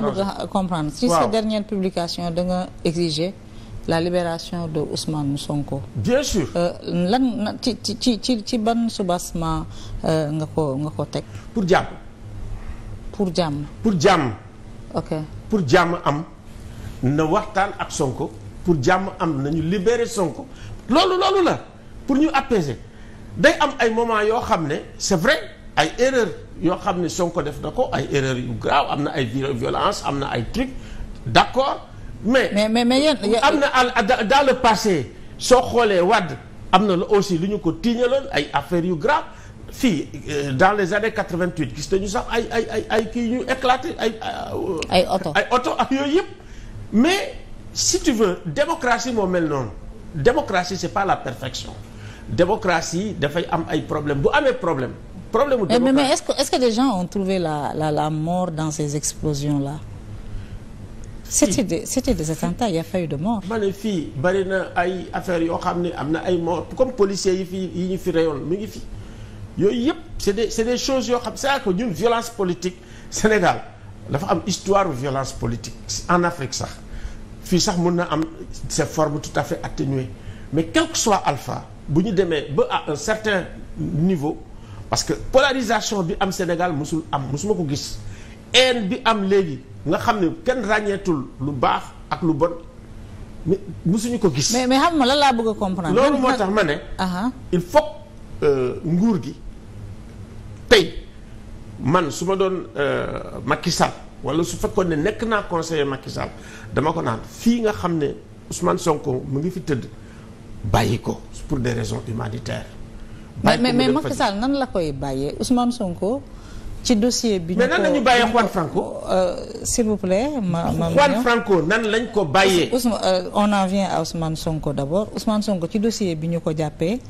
laa bëgg a comprendre si sa dernière publication da nga la libération de Ousmane Sonko. bien sûr euh, lan ci ci ci ci ban soubassement euh, nga ko nga ko teg. pour jàmm. pour jàmm. pour jàmm. ok pour jàmm am na waxtaan ak Sonko pour jàmm am nañu libérer Sonko loolu loolu la pour ñu apaiser day am ay moment yoo xam ne c'est vrai ay erreur yoo xam ne Sonko def na ko ay erreur yu grave am na ay violence am na ay truc d'accord mais mais mais yéen am na dans le passé soo xoolee Wade am na la aussi lu ñu ko tiiñaloon ay affaires yu grave fii euh, dans les années 88 gis nañu sax ay ay ay ay kii ñu éclaté ay. Euh, ay oto ay oto ak yooyu yëpp mais si tu veux démocratie moo mel noonu démocratie c'est pas la perfection démocratie dafay am ay problème bu amee problème. problème mu démocratie eh, mais, mais est-ce que que des gens ont trouvé la la la mort dans ces explosions là. c'était des c'était des attentats il y a failli de mort. ma fii bari na ay affaires yoo xam ne am na ay mort comme policiers yi fi yi ñu fi reyoon mu ngi fii yooyu yëpp c'est des c'est des choses yoo xam c'est-à-dire ñun violence politique Sénégal dafa am histoire violence politique en Afrique sax fii sax mun na am ces formes tout à fait atténuées mais quel que soit alpha bu ñu demee ba à un certain niveau. parce que polarisation bi am Sénégal mosul am mosuma ko gis haine bi am léegi nga xam ne kenn ràññeetul lu baax ak lu bon mais musuñu ko gis. mais mais xam nga la laa bëgg a comprendre. loolu moo tax ma ne. il faut euh, nguur gi tey man su ma doon euh, Macky Sall wala su fekkoon ne nekk naa conseil Macky dama ko naan fii nga xam ne Ousmane Sonko mu ngi fi tëdd bàyyi ko pour de raisons humanitaires. mais mais mais Macky Sall nan la koy bàyyee Ousmane Sonko. ci dossier bi ñu ko mais nan la ñu bàyyee euh, ma ma. Juan Franco lañ ko bàyyee. Ousmane euh, on en vient à Ousmane Sonko d'abord Ousmane Sonko ci dossier bi ñu ko jàppee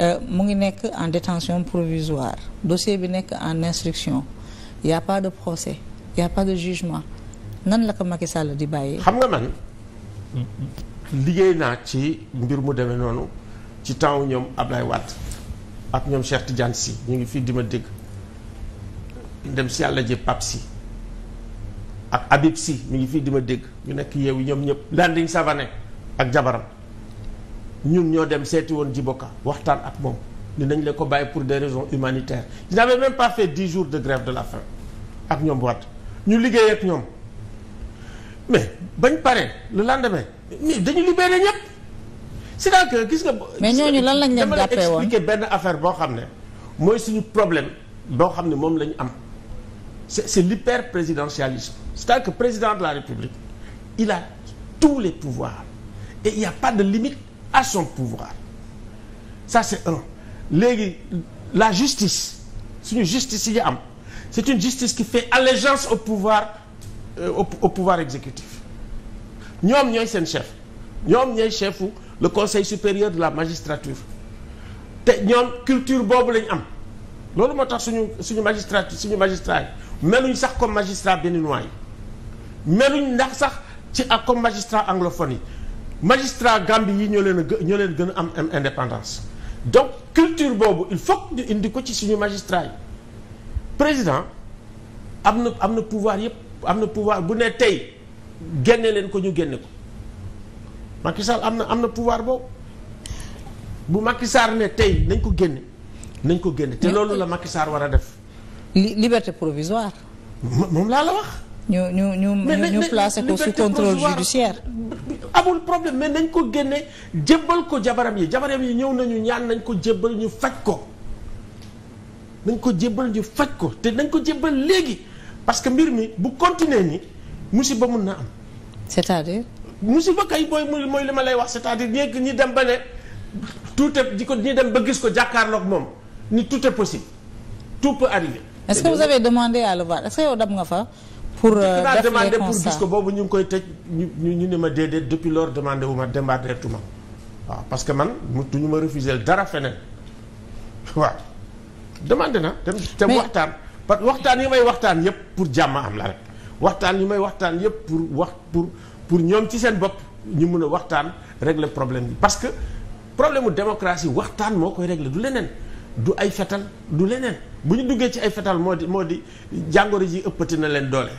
euh, mu ngi nekk en détention provisoire dossier bi nekk en instruction y a pas de procès y a pas de jugement nan la ko Macky Sall di bàyyee. xam nga man liggéey naa ci mbir mu demee noonu ci temps ñoom Ablaye Wade. ak ñoom Cheikh Tidiane si ñu ngi fii dima ma dégg dem si yàlla ji Pape si ak Habib si ngi fii di ma ñu nekk yeewu ñoom ñëpp Landing Savané ak jabaram ñun ñoo dem seeti woon Djiboka waxtaan ak moom ni nañ la ko bàyyi pour des raisons humanitaires ils n'avaient même pas fait dix jours de grève de la faim ak ñoom waat ñu liggéey ak ñoom mais bañ pare le lendemain dañu libéré ñëpp c'est-à-dire que gis nga. mais ñooñu lan lañ leen jàppee woon expliquer benn affaire boo xam ne mooy suñu problème boo xam ne moom lañu am c'est c'est l'hyper présidentialisme c'est-à-dire que président de la République il a tous les pouvoirs et il n'y pas de limite à son pouvoir ça c'est un léegi la justice suñu justice yi am c'est une justice qui fait allégeance au pouvoir euh, au, au pouvoir exécutif ñoom ñooy seen chef ñoom ñooy chefu le conseil supérieur de la magistrature te ñoom culture boobu lañ am loolu moo tax suñu suñu magistrature suñu magistrat yi meluñ sax comme magistrat béninois yi meluñ ndax sax ci ak comme magistrat anglophone yi magistrat Gambie yi ñoo leen a gën a am indépendance donc culture boobu il faut ñu indi ko ci suñu magistrat yi président am na am na pouvoir yëpp am na pouvoir bu ne tey génne leen ko ñu génne ko Macky Sall am na am na pouvoir boobu bu Macky ne tey nañ ko génne nañ ko génne te loolu la Macky Sall war a def. liberté provisoire. moom laa la wax. ñu ñu ñu ñu placé ko sous contrôle judiciaire. amul problème mais nañ ko génne jébbal ko jabaram yi jabaram yi ñëw nañu ñaan nañ ko jébbal ñu faj ko. nañ ko jébbal ñu faj ko te nañ ko jébbal léegi parce que mbir mi bu continuer ni musiba mun na am. c'est-à-dire. musiba kay mooy mooy li ma lay wax c'est-à-dire ñeeg ñi dem ba ne tout est di ko ñi dem ba gis ko jàkkaarlook moom ni tout est possible tout peut arriver. est-ce que vous avez demandé à le voir est-ce que yow dem nga fa. pour euh, def les demandé ko boobu ñu ngi koy tëj ñu ñu ne ma déedéet depuis lors demandé wu ma demandé tu parce que man duñu ma refuser dara feneen waaw demandé na. dem dem waxtaan parce que waxtaan yi may waxtaan yépp pour jàmm am la rek waxtaan yi may waxtaan yépp pour wax pour. pour ñoom ci seen bopp ñu mën a waxtaan régler problème bi parce que problème mu démocratie waxtaan moo koy régler du leneen du ay fetal du leneen bu ñu duggee ci ay fetal moo di moo di jàngoro ji ëppati na leen doole.